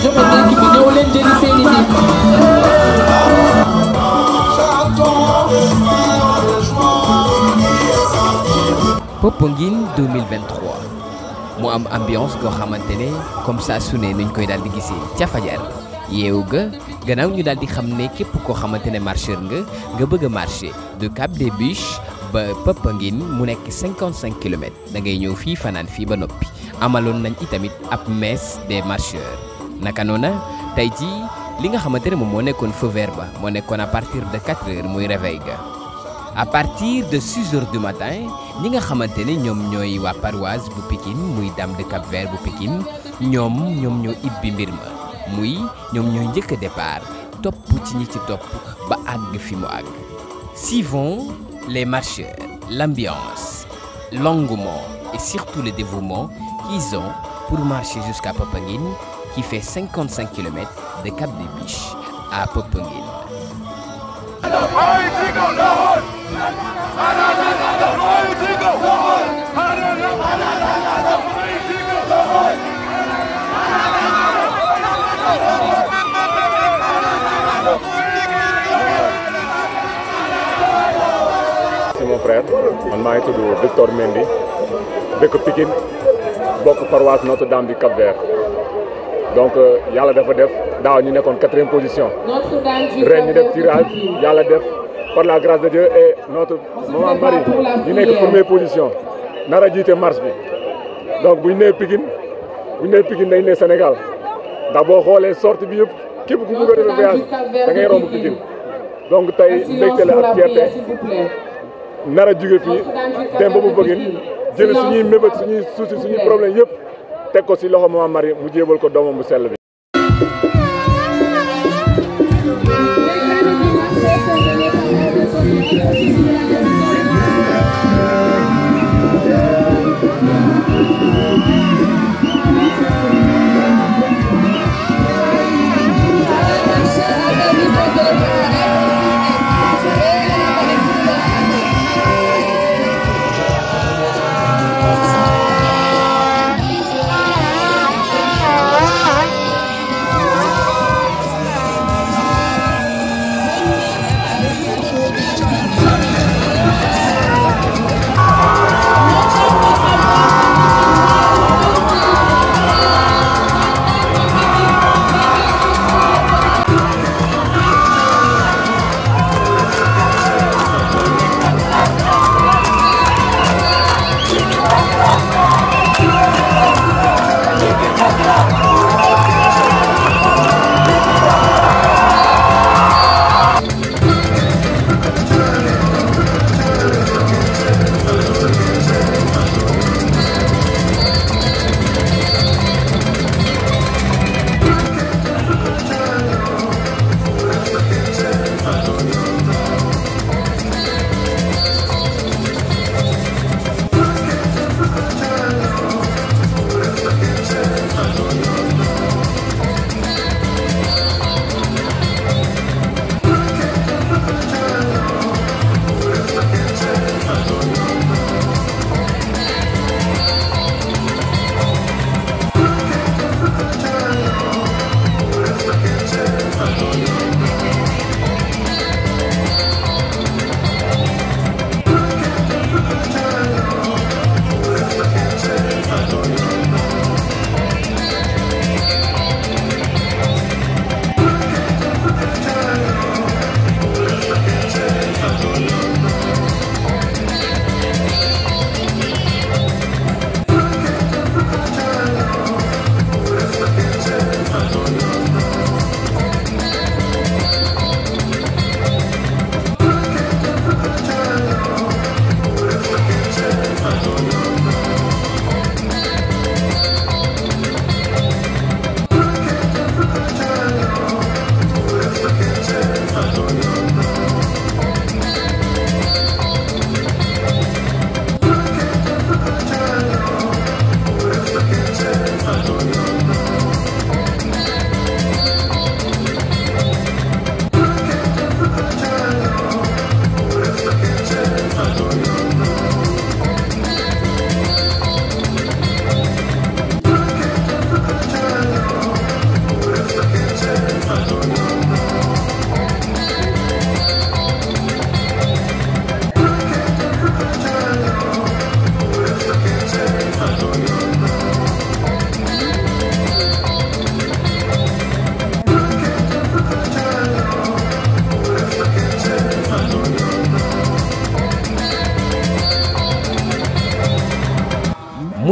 ko joxoon dëkk bi ñëw mu am ambiance goo xamante ne comme ça su ne nuñ koy daal di gisee ca fajar yeewu ga gannaaw ñu daal di xam ne képp koo xamante ne marcheur nga nga bëgg a marché du Cap des Biches ba Popenguine mu nekk 55 kilomètres da ngay ñëw fii fanaan fii ba noppi amaloon nañ itamit ab messe de marcheurs naka noona tey jii li nga xamante ne moom moo nekkoon feu vert moo nekkoon a partir de 4 heures muy réveil ga à partir de 6 heures du matin ñi nga xamante ne ñoom ñooy waa paroisse bu Pikine muy Dame de Cap Vert bu Pikine ñoom ñoom ñoo ibbi mbir ma muy ñoom ñooy njëkk a départ topp ci ñi ci topp ba àgg fi mu àgg suivons les marcheurs l'ambiance l'engouement et surtout le dévouement qu'ils ont pour marcher jusqu'à Popenguine qui fait 55 km de Cap des Biches à Popenguine. si mon frère man maa ngi tudd Victor Mendy dëkk Pikine bokk paroisse Notre-Dame du Cap-Vert donc euh, yàlla dafa def daaw ñu nekkoon quatrième position ren ñu def tirage yàlla def par la grâce de Dieu et notre maman Marie ñu nekk première position nar a jiite marche bi donc bu ñu nee Pikine bu ñu nee Pikine dañ Sénégal ndax boo xoolee sortie bi yëpp képp ku bëgg a defee voyage da ngay romb Pikine donc tey mbégte la ak fierté nar a jóge fii dem ba mu bëggin jël suñuy mébét suñuy soucis suñuy problème yëpp teg ko si loxo Mame Marie mu jébal ko doomam bu bi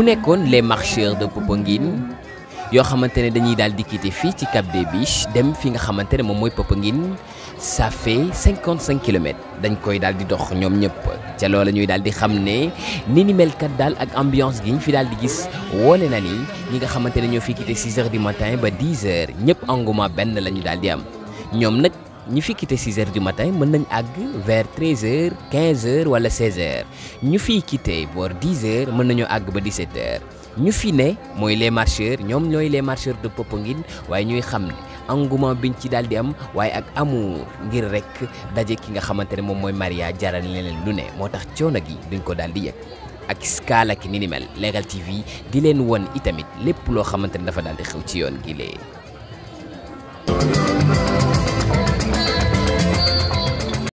mu nekkoon les marcheurs de Popenguine yoo xamante ne dañuy daal di quitter fii ci Cap des Biches dem fi nga xamante ne moom mooy Popenguine ça fait 55 kilomètres dañ koy daal di dox ñoom ñëpp ca loola ñuy daal di xam ne ni ni mel daal ak ambiance gi ñu fi daal di gis woone na ni ñi nga xamante ne ñoo fi quitter 6 heures du matin ba 10 heures ñëpp engouement benn la ñu daal di am ñoom nag. ñi fi quitté 6 heures du matin mën nañu àgg vers 13 heures 15 heures wala 16 heures ñu fiy quitté boor 10 heures mën nañoo àgg ba 17 heures ñu fi ne mooy les marcheurs ñoom ñooy les marcheurs de Popenguine waaye ñuy xam ne engouement biñ ci daal di am waaye ak amour ngir rek daje ki nga xamante ne moom mooy Maria jaral leneen lu ne moo tax coono gi duñ ko daal di yëg. ak skaala ki ni ni mel Leral TV di leen won itamit lépp loo xamante ne dafa daal di xew ci yoon gi lee